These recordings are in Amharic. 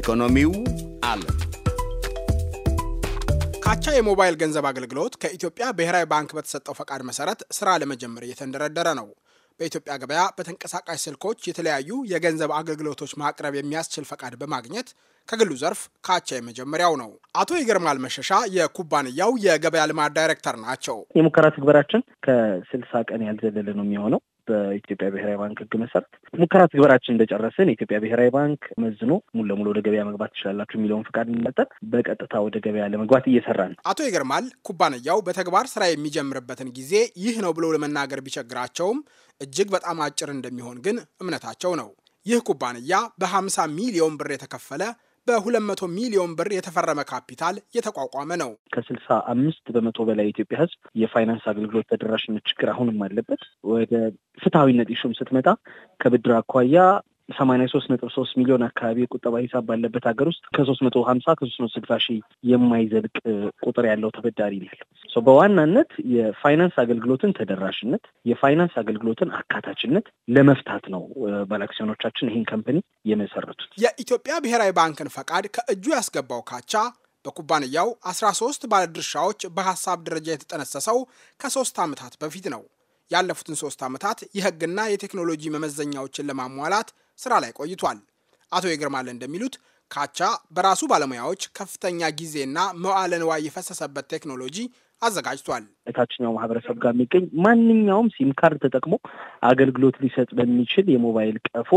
ኢኮኖሚው አለ ካቻ የሞባይል ገንዘብ አገልግሎት ከኢትዮጵያ ብሔራዊ ባንክ በተሰጠው ፈቃድ መሰረት ስራ ለመጀመር እየተንደረደረ ነው። በኢትዮጵያ ገበያ በተንቀሳቃሽ ስልኮች የተለያዩ የገንዘብ አገልግሎቶች ማቅረብ የሚያስችል ፈቃድ በማግኘት ከግሉ ዘርፍ ካቻ የመጀመሪያው ነው። አቶ ይገርማል መሸሻ የኩባንያው የገበያ ልማት ዳይሬክተር ናቸው። የሙከራ ትግበራችን ከስልሳ ቀን ያልዘለለ ነው የሚሆነው በኢትዮጵያ ብሔራዊ ባንክ ህግ መሰረት ሙከራ ትግበራችን እንደጨረስን የኢትዮጵያ ብሔራዊ ባንክ መዝኖ ሙሉ ለሙሉ ወደ ገበያ መግባት ትችላላችሁ የሚለውን ፍቃድ እንመጠን በቀጥታ ወደ ገበያ ለመግባት እየሰራ ነው። አቶ ይገርማል ኩባንያው በተግባር ስራ የሚጀምርበትን ጊዜ ይህ ነው ብሎ ለመናገር ቢቸግራቸውም እጅግ በጣም አጭር እንደሚሆን ግን እምነታቸው ነው። ይህ ኩባንያ በ50 ሚሊዮን ብር የተከፈለ በ200 ሚሊዮን ብር የተፈረመ ካፒታል የተቋቋመ ነው። ከ ከ65 በመቶ በላይ የኢትዮጵያ ሕዝብ የፋይናንስ አገልግሎት ተደራሽነት ችግር አሁንም አለበት። ወደ ፍትሐዊነት ኢሹም ስትመጣ ከብድር አኳያ ሰማኒያ ሶስት ነጥብ ሶስት ሚሊዮን አካባቢ የቁጠባ ሂሳብ ባለበት ሀገር ውስጥ ከሶስት መቶ ሀምሳ ከሶስት መቶ ስልሳ ሺህ የማይዘልቅ ቁጥር ያለው ተበዳሪ ይላል። በዋናነት የፋይናንስ አገልግሎትን ተደራሽነት፣ የፋይናንስ አገልግሎትን አካታችነት ለመፍታት ነው ባለአክሲዮኖቻችን ይህን ከምፕኒ የመሰረቱት። የኢትዮጵያ ብሔራዊ ባንክን ፈቃድ ከእጁ ያስገባው ካቻ በኩባንያው አስራ ሶስት ባለድርሻዎች በሀሳብ ደረጃ የተጠነሰሰው ከሶስት ዓመታት በፊት ነው። ያለፉትን ሶስት ዓመታት የህግና የቴክኖሎጂ መመዘኛዎችን ለማሟላት ስራ ላይ ቆይቷል። አቶ የግርማል እንደሚሉት ካቻ በራሱ ባለሙያዎች ከፍተኛ ጊዜና መዋዕለ ንዋይ የፈሰሰበት ቴክኖሎጂ አዘጋጅቷል። ከታችኛው ማህበረሰብ ጋር የሚገኝ ማንኛውም ሲም ካርድ ተጠቅሞ አገልግሎት ሊሰጥ በሚችል የሞባይል ቀፎ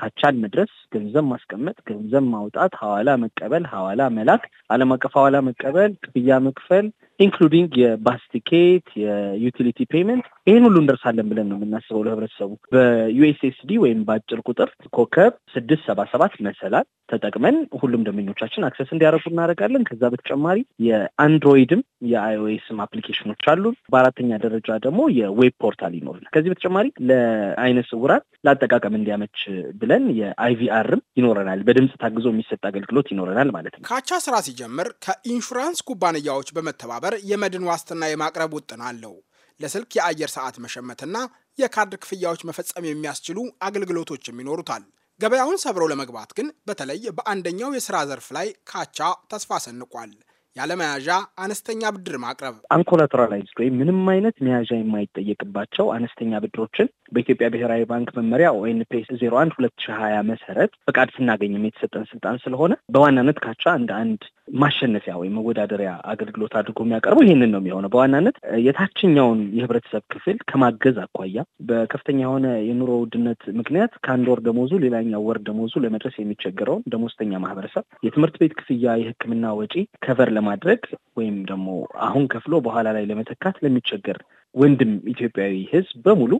ካቻን መድረስ፣ ገንዘብ ማስቀመጥ፣ ገንዘብ ማውጣት፣ ሀዋላ መቀበል፣ ሀዋላ መላክ፣ ዓለም አቀፍ ሀዋላ መቀበል፣ ክፍያ መክፈል ኢንክሉዲንግ የባስ ቲኬት፣ የዩቲሊቲ ፔመንት ይህን ሁሉ እንደርሳለን ብለን ነው የምናስበው ለህብረተሰቡ በዩኤስኤስዲ ወይም በአጭር ቁጥር ኮከብ ስድስት ሰባ ሰባት መሰላል ተጠቅመን ሁሉም ደንበኞቻችን አክሰስ እንዲያደርጉ እናደርጋለን። ከዛ በተጨማሪ የአንድሮይድም የአይኦኤስም አፕሊኬሽኖች አሉ። በአራተኛ ደረጃ ደግሞ የዌብ ፖርታል ይኖረናል። ከዚህ በተጨማሪ ለአይነ ስውራት ለአጠቃቀም እንዲያመች ብለን የአይቪአርም ይኖረናል። በድምፅ ታግዞ የሚሰጥ አገልግሎት ይኖረናል ማለት ነው። ካቻ ስራ ሲጀምር ከኢንሹራንስ ኩባንያዎች በመተባበር በመተባበር የመድን ዋስትና የማቅረብ ውጥን አለው። ለስልክ የአየር ሰዓት መሸመትና የካርድ ክፍያዎች መፈጸም የሚያስችሉ አገልግሎቶችም ይኖሩታል። ገበያውን ሰብሮ ለመግባት ግን በተለይ በአንደኛው የሥራ ዘርፍ ላይ ካቻ ተስፋ ሰንቋል። ያለመያዣ አነስተኛ ብድር ማቅረብ አንኮላትራላይዝ ወይም ምንም አይነት መያዣ የማይጠየቅባቸው አነስተኛ ብድሮችን በኢትዮጵያ ብሔራዊ ባንክ መመሪያ ኦኤንፒኤስ ዜሮ አንድ ሁለት ሺ ሀያ መሰረት ፈቃድ ስናገኝም የተሰጠን ስልጣን ስለሆነ በዋናነት ካቻ እንደ አንድ ማሸነፊያ ወይም መወዳደሪያ አገልግሎት አድርጎ የሚያቀርበው ይህንን ነው የሚሆነው። በዋናነት የታችኛውን የህብረተሰብ ክፍል ከማገዝ አኳያ በከፍተኛ የሆነ የኑሮ ውድነት ምክንያት ከአንድ ወር ደሞዙ ሌላኛው ወር ደሞዙ ለመድረስ የሚቸገረውን ደሞዝተኛ ማህበረሰብ የትምህርት ቤት ክፍያ፣ የህክምና ወጪ ከቨር ለማ ማድረግ ወይም ደግሞ አሁን ከፍሎ በኋላ ላይ ለመተካት ለሚቸገር ወንድም ኢትዮጵያዊ ህዝብ በሙሉ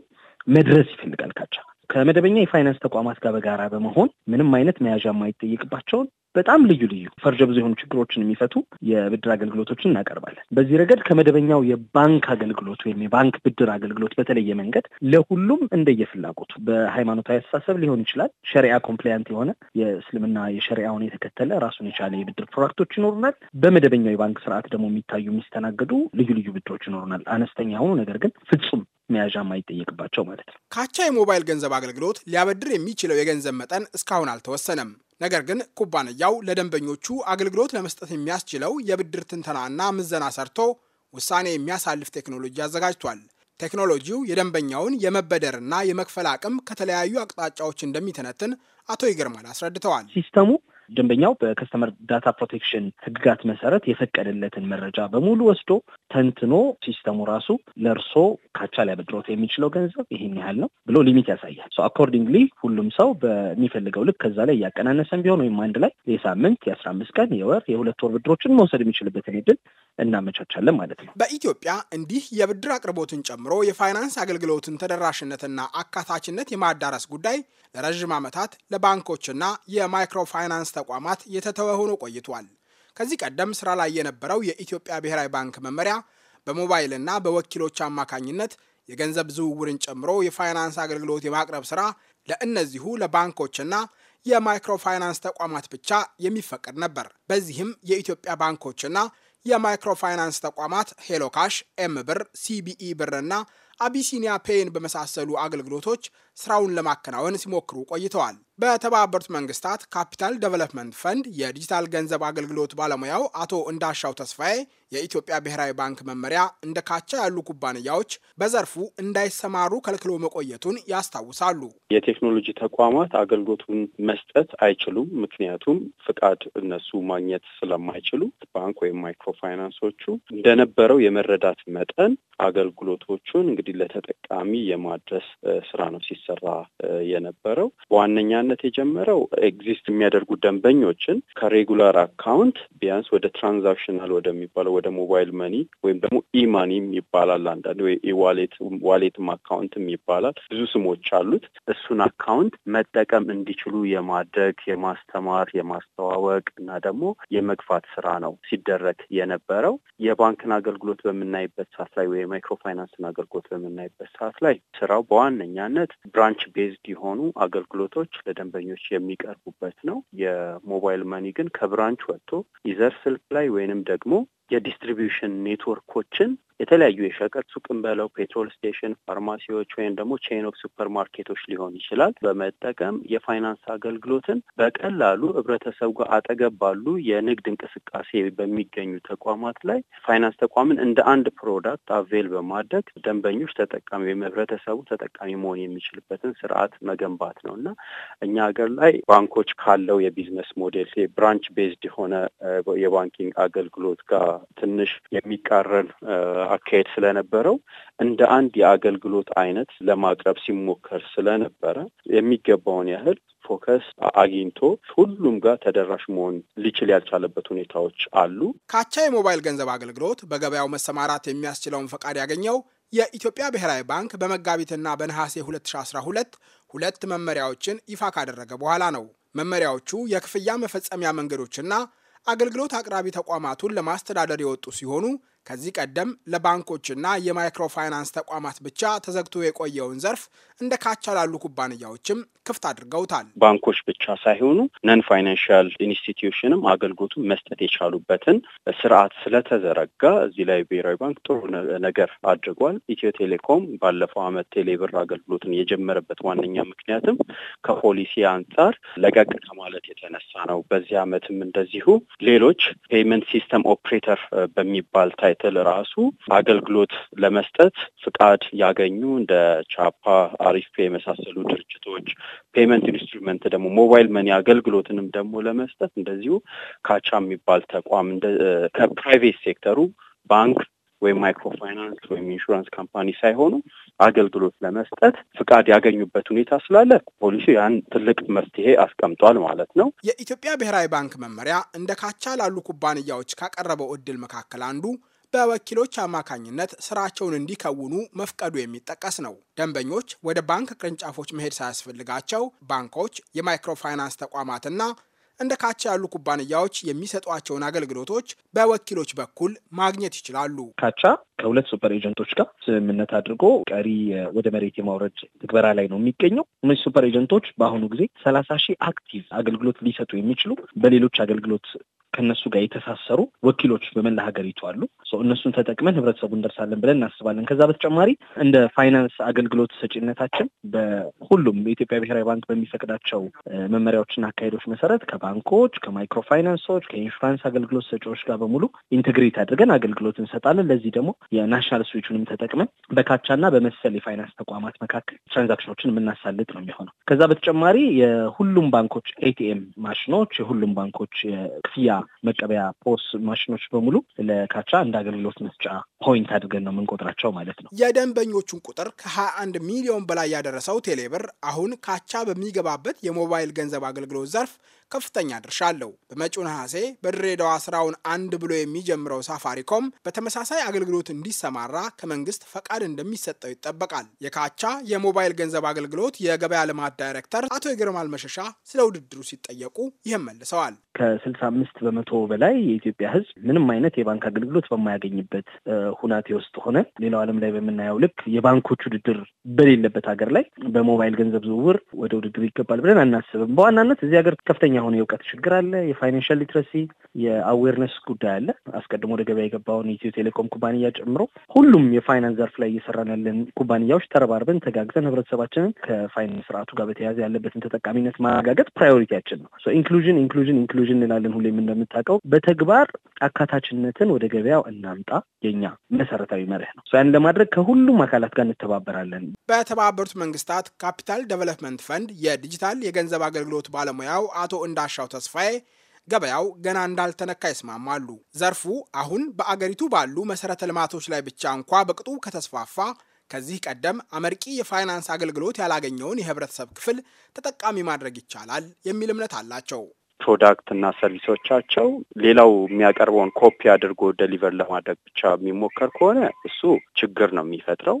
መድረስ ይፈልጋል ካቻ። ከመደበኛ የፋይናንስ ተቋማት ጋር በጋራ በመሆን ምንም አይነት መያዣ የማይጠየቅባቸውን በጣም ልዩ ልዩ ፈርጀ ብዙ የሆኑ ችግሮችን የሚፈቱ የብድር አገልግሎቶችን እናቀርባለን። በዚህ ረገድ ከመደበኛው የባንክ አገልግሎት ወይም የባንክ ብድር አገልግሎት በተለየ መንገድ ለሁሉም እንደየፍላጎቱ በሃይማኖታዊ አስተሳሰብ ሊሆን ይችላል። ሸሪያ ኮምፕላያንት የሆነ የእስልምና የሸሪያውን የተከተለ ራሱን የቻለ የብድር ፕሮዳክቶች ይኖሩናል። በመደበኛው የባንክ ስርዓት ደግሞ የሚታዩ የሚስተናገዱ ልዩ ልዩ ብድሮች ይኖሩናል። አነስተኛ ሆኑ ነገር ግን ፍጹም መያዣ ማይጠየቅባቸው ማለት ነው። ካቻ የሞባይል ገንዘብ አገልግሎት ሊያበድር የሚችለው የገንዘብ መጠን እስካሁን አልተወሰነም። ነገር ግን ኩባንያው ለደንበኞቹ አገልግሎት ለመስጠት የሚያስችለው የብድር ትንተናና ምዘና ሰርቶ ውሳኔ የሚያሳልፍ ቴክኖሎጂ አዘጋጅቷል። ቴክኖሎጂው የደንበኛውን የመበደርና የመክፈል አቅም ከተለያዩ አቅጣጫዎች እንደሚተነትን አቶ ይገርማል አስረድተዋል። ሲስተሙ ደንበኛው በከስተመር ዳታ ፕሮቴክሽን ህግጋት መሰረት የፈቀደለትን መረጃ በሙሉ ወስዶ ተንትኖ ሲስተሙ ራሱ ለእርሶ ካቻ ላይ በድሮት የሚችለው ገንዘብ ይህን ያህል ነው ብሎ ሊሚት ያሳያል። ሶ አኮርዲንግሊ ሁሉም ሰው በሚፈልገው ልክ ከዛ ላይ እያቀናነሰን ቢሆን ወይም አንድ ላይ የሳምንት የአስራ አምስት ቀን የወር የሁለት ወር ብድሮችን መውሰድ የሚችልበትን እድል እናመቻቻለን ማለት ነው። በኢትዮጵያ እንዲህ የብድር አቅርቦትን ጨምሮ የፋይናንስ አገልግሎትን ተደራሽነትና አካታችነት የማዳረስ ጉዳይ ለረዥም ዓመታት ለባንኮችና የማይክሮ ፋይናንስ ተቋማት የተተወ ሆኖ ቆይቷል። ከዚህ ቀደም ስራ ላይ የነበረው የኢትዮጵያ ብሔራዊ ባንክ መመሪያ በሞባይልና በወኪሎች አማካኝነት የገንዘብ ዝውውርን ጨምሮ የፋይናንስ አገልግሎት የማቅረብ ስራ ለእነዚሁ ለባንኮችና የማይክሮ ፋይናንስ ተቋማት ብቻ የሚፈቀድ ነበር። በዚህም የኢትዮጵያ ባንኮችና የማይክሮ ፋይናንስ ተቋማት ሄሎካሽ፣ ኤም ብር፣ ሲቢኢ ብርና አቢሲኒያ ፔይን በመሳሰሉ አገልግሎቶች ስራውን ለማከናወን ሲሞክሩ ቆይተዋል። በተባበሩት መንግስታት ካፒታል ዴቨሎፕመንት ፈንድ የዲጂታል ገንዘብ አገልግሎት ባለሙያው አቶ እንዳሻው ተስፋዬ የኢትዮጵያ ብሔራዊ ባንክ መመሪያ እንደ ካቻ ያሉ ኩባንያዎች በዘርፉ እንዳይሰማሩ ከልክሎ መቆየቱን ያስታውሳሉ። የቴክኖሎጂ ተቋማት አገልግሎቱን መስጠት አይችሉም። ምክንያቱም ፍቃድ እነሱ ማግኘት ስለማይችሉ ባንክ ወይም ማይክሮ ፋይናንሶቹ እንደነበረው የመረዳት መጠን አገልግሎቶቹን እንግዲህ ለተጠቃሚ የማድረስ ስራ ነው ሲሰራ የነበረው በዋነኛነት በዋናነት የጀመረው ኤግዚስት የሚያደርጉ ደንበኞችን ከሬጉላር አካውንት ቢያንስ ወደ ትራንዛክሽናል ወደሚባለው ወደ ሞባይል መኒ ወይም ደግሞ ኢማኒም ይባላል አንዳንድ ዋሌት ዋሌትም አካውንትም ይባላል ብዙ ስሞች አሉት። እሱን አካውንት መጠቀም እንዲችሉ የማድረግ የማስተማር፣ የማስተዋወቅ እና ደግሞ የመግፋት ስራ ነው ሲደረግ የነበረው። የባንክን አገልግሎት በምናይበት ሰዓት ላይ ወይ ፋይናንስን አገልግሎት በምናይበት ሰዓት ላይ ስራው በዋነኛነት ብራንች ቤዝድ የሆኑ አገልግሎቶች ለደንበኞች የሚቀርቡበት ነው። የሞባይል መኒ ግን ከብራንች ወጥቶ ይዘር ስልክ ላይ ወይንም ደግሞ የዲስትሪቢዩሽን ኔትወርኮችን የተለያዩ የሸቀጥ ሱቅን በለው ፔትሮል ስቴሽን፣ ፋርማሲዎች ወይም ደግሞ ቼን ኦፍ ሱፐር ማርኬቶች ሊሆን ይችላል በመጠቀም የፋይናንስ አገልግሎትን በቀላሉ ህብረተሰቡ ጋር አጠገብ ባሉ የንግድ እንቅስቃሴ በሚገኙ ተቋማት ላይ ፋይናንስ ተቋምን እንደ አንድ ፕሮዳክት አቬል በማድረግ ደንበኞች ተጠቃሚ ወይም ህብረተሰቡ ተጠቃሚ መሆን የሚችልበትን ስርዓት መገንባት ነው እና እኛ ሀገር ላይ ባንኮች ካለው የቢዝነስ ሞዴል ብራንች ቤዝድ የሆነ የባንኪንግ አገልግሎት ጋር ትንሽ የሚቃረን አካሄድ ስለነበረው እንደ አንድ የአገልግሎት አይነት ለማቅረብ ሲሞከር ስለነበረ የሚገባውን ያህል ፎከስ አግኝቶ ሁሉም ጋር ተደራሽ መሆን ሊችል ያልቻለበት ሁኔታዎች አሉ። ካቻ የሞባይል ገንዘብ አገልግሎት በገበያው መሰማራት የሚያስችለውን ፈቃድ ያገኘው የኢትዮጵያ ብሔራዊ ባንክ በመጋቢትና በነሐሴ 2012 ሁለት መመሪያዎችን ይፋ ካደረገ በኋላ ነው። መመሪያዎቹ የክፍያ መፈጸሚያ መንገዶችና አገልግሎት አቅራቢ ተቋማቱን ለማስተዳደር የወጡ ሲሆኑ ከዚህ ቀደም ለባንኮችና የማይክሮፋይናንስ ተቋማት ብቻ ተዘግቶ የቆየውን ዘርፍ እንደ ካቻ ላሉ ኩባንያዎችም ክፍት አድርገውታል። ባንኮች ብቻ ሳይሆኑ ነን ፋይናንሽል ኢንስቲትዩሽንም አገልግሎቱን መስጠት የቻሉበትን ስርዓት ስለተዘረጋ እዚህ ላይ ብሔራዊ ባንክ ጥሩ ነገር አድርጓል። ኢትዮ ቴሌኮም ባለፈው ዓመት ቴሌብር አገልግሎትን የጀመረበት ዋነኛ ምክንያትም ከፖሊሲ አንጻር ለቀቅ ከማለት የተነሳ ነው። በዚህ ዓመትም እንደዚሁ ሌሎች ፔይመንት ሲስተም ኦፕሬተር በሚባል ታይ ክትትል ራሱ አገልግሎት ለመስጠት ፍቃድ ያገኙ እንደ ቻፓ፣ አሪፍ የመሳሰሉ ድርጅቶች ፔመንት ኢንስትሩመንት ደግሞ ሞባይል መኒ አገልግሎትንም ደግሞ ለመስጠት እንደዚሁ ካቻ የሚባል ተቋም ከፕራይቬት ሴክተሩ ባንክ ወይም ማይክሮ ፋይናንስ ወይም ኢንሹራንስ ካምፓኒ ሳይሆኑ አገልግሎት ለመስጠት ፍቃድ ያገኙበት ሁኔታ ስላለ ፖሊሱ ያን ትልቅ መፍትሄ አስቀምጧል ማለት ነው። የኢትዮጵያ ብሔራዊ ባንክ መመሪያ እንደ ካቻ ላሉ ኩባንያዎች ካቀረበው እድል መካከል አንዱ በወኪሎች አማካኝነት ስራቸውን እንዲከውኑ መፍቀዱ የሚጠቀስ ነው። ደንበኞች ወደ ባንክ ቅርንጫፎች መሄድ ሳያስፈልጋቸው ባንኮች፣ የማይክሮፋይናንስ ተቋማትና እንደ ካቻ ያሉ ኩባንያዎች የሚሰጧቸውን አገልግሎቶች በወኪሎች በኩል ማግኘት ይችላሉ። ካቻ ከሁለት ሱፐር ኤጀንቶች ጋር ስምምነት አድርጎ ቀሪ ወደ መሬት የማውረድ ትግበራ ላይ ነው የሚገኘው። እነዚህ ሱፐር ኤጀንቶች በአሁኑ ጊዜ ሰላሳ ሺህ አክቲቭ አገልግሎት ሊሰጡ የሚችሉ በሌሎች አገልግሎት ከነሱ ጋር የተሳሰሩ ወኪሎች በመላ ሀገሪቱ አሉ። እነሱን ተጠቅመን ህብረተሰቡ እንደርሳለን ብለን እናስባለን። ከዛ በተጨማሪ እንደ ፋይናንስ አገልግሎት ሰጪነታችን በሁሉም የኢትዮጵያ ብሔራዊ ባንክ በሚፈቅዳቸው መመሪያዎችና አካሄዶች መሰረት ከባንኮች፣ ከማይክሮ ፋይናንሶች፣ ከኢንሹራንስ አገልግሎት ሰጪዎች ጋር በሙሉ ኢንትግሬት አድርገን አገልግሎት እንሰጣለን። ለዚህ ደግሞ የናሽናል ስዊቹንም ተጠቅመን በካቻና በመሰል የፋይናንስ ተቋማት መካከል ትራንዛክሽኖችን የምናሳልጥ ነው የሚሆነው። ከዛ በተጨማሪ የሁሉም ባንኮች ኤቲኤም ማሽኖች፣ የሁሉም ባንኮች የክፍያ መቀበያ ፖስ ማሽኖች በሙሉ ለካቻ እንደ አገልግሎት መስጫ ፖይንት አድርገን ነው የምንቆጥራቸው ማለት ነው። የደንበኞቹን ቁጥር ከ21 ሚሊዮን በላይ ያደረሰው ቴሌብር አሁን ካቻ በሚገባበት የሞባይል ገንዘብ አገልግሎት ዘርፍ ከፍተኛ ድርሻ አለው። በመጪው ነሐሴ በድሬዳዋ ስራውን አንድ ብሎ የሚጀምረው ሳፋሪኮም በተመሳሳይ አገልግሎት እንዲሰማራ ከመንግስት ፈቃድ እንደሚሰጠው ይጠበቃል። የካቻ የሞባይል ገንዘብ አገልግሎት የገበያ ልማት ዳይሬክተር አቶ ይግርማል መሸሻ ስለ ውድድሩ ሲጠየቁ ይህም መልሰዋል። ከስልሳ አምስት በመቶ በላይ የኢትዮጵያ ህዝብ ምንም አይነት የባንክ አገልግሎት በማያገኝበት ሁናቴ ውስጥ ሆነ ሌላው ዓለም ላይ በምናየው ልክ የባንኮች ውድድር በሌለበት ሀገር ላይ በሞባይል ገንዘብ ዝውውር ወደ ውድድር ይገባል ብለን አናስብም። በዋናነት እዚህ ሀገር ከፍተኛ የሆነ የእውቀት ችግር አለ። የፋይናንሻል ሊትረሲ የአዌርነስ ጉዳይ አለ። አስቀድሞ ወደ ገበያ የገባውን ኢትዮ ቴሌኮም ኩባንያ ጨምሮ ሁሉም የፋይናንስ ዘርፍ ላይ እየሰራን ያለን ኩባንያዎች ተረባርበን ተጋግዘን ህብረተሰባችንን ከፋይናንስ ስርዓቱ ጋር በተያያዘ ያለበትን ተጠቃሚነት ማረጋገጥ ፕራዮሪቲያችን ነው። ኢንክሉዥን ኢንክሉዥን ኢንክሉዥን ቴክኖሎጂ እንላለን ሁሌም እንደምታውቀው በተግባር አካታችነትን ወደ ገበያው እናምጣ የኛ መሰረታዊ መርህ ነው። ያን ለማድረግ ከሁሉም አካላት ጋር እንተባበራለን። በተባበሩት መንግስታት ካፒታል ዴቨሎፕመንት ፈንድ የዲጂታል የገንዘብ አገልግሎት ባለሙያው አቶ እንዳሻው ተስፋዬ ገበያው ገና እንዳልተነካ ይስማማሉ። ዘርፉ አሁን በአገሪቱ ባሉ መሰረተ ልማቶች ላይ ብቻ እንኳ በቅጡ ከተስፋፋ ከዚህ ቀደም አመርቂ የፋይናንስ አገልግሎት ያላገኘውን የህብረተሰብ ክፍል ተጠቃሚ ማድረግ ይቻላል የሚል እምነት አላቸው። ፕሮዳክት እና ሰርቪሶቻቸው ሌላው የሚያቀርበውን ኮፒ አድርጎ ደሊቨር ለማድረግ ብቻ የሚሞከር ከሆነ እሱ ችግር ነው የሚፈጥረው።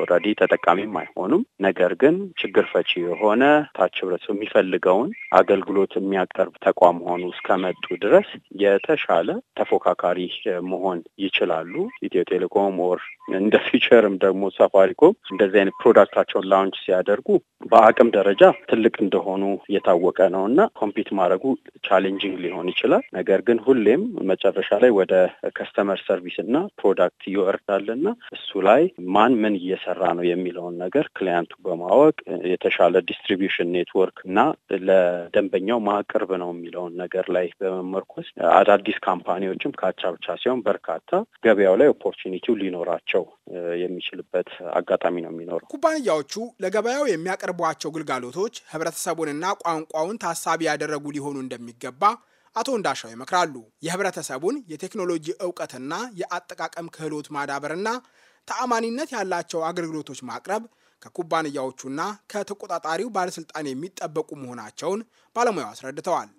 ኦልሬዲ ተጠቃሚም አይሆኑም። ነገር ግን ችግር ፈቺ የሆነ ታች ህብረተሰብ የሚፈልገውን አገልግሎት የሚያቀርብ ተቋም ሆኑ እስከመጡ ድረስ የተሻለ ተፎካካሪ መሆን ይችላሉ። ኢትዮ ቴሌኮም ኦር እንደ ፊቸርም ደግሞ ሳፋሪኮም እንደዚህ አይነት ፕሮዳክታቸውን ላውንች ሲያደርጉ በአቅም ደረጃ ትልቅ እንደሆኑ የታወቀ ነው እና ኮምፒት ማድረጉ ቻሌንጂንግ ሊሆን ይችላል። ነገር ግን ሁሌም መጨረሻ ላይ ወደ ከስተመር ሰርቪስ እና ፕሮዳክት ይወርዳል እና እሱ ላይ ማን ምን እየሰራ ነው የሚለውን ነገር ክሊያንቱ በማወቅ የተሻለ ዲስትሪቢዩሽን ኔትወርክ እና ለደንበኛው ማቅርብ ነው የሚለውን ነገር ላይ በመመርኮስ አዳዲስ ካምፓኒዎችም ካቻ ብቻ ሲሆን በርካታ ገበያው ላይ ኦፖርቹኒቲው ሊኖራቸው የሚችልበት አጋጣሚ ነው የሚኖረው። ኩባንያዎቹ ለገበያው የሚያቀርቧቸው ግልጋሎቶች ህብረተሰቡንና ቋንቋውን ታሳቢ ያደረጉ ሊሆኑ እንደሚገባ አቶ እንዳሻው ይመክራሉ። የህብረተሰቡን የቴክኖሎጂ እውቀትና የአጠቃቀም ክህሎት ማዳበርና ተአማኒነት ያላቸው አገልግሎቶች ማቅረብ ከኩባንያዎቹና ከተቆጣጣሪው ባለስልጣን የሚጠበቁ መሆናቸውን ባለሙያው አስረድተዋል።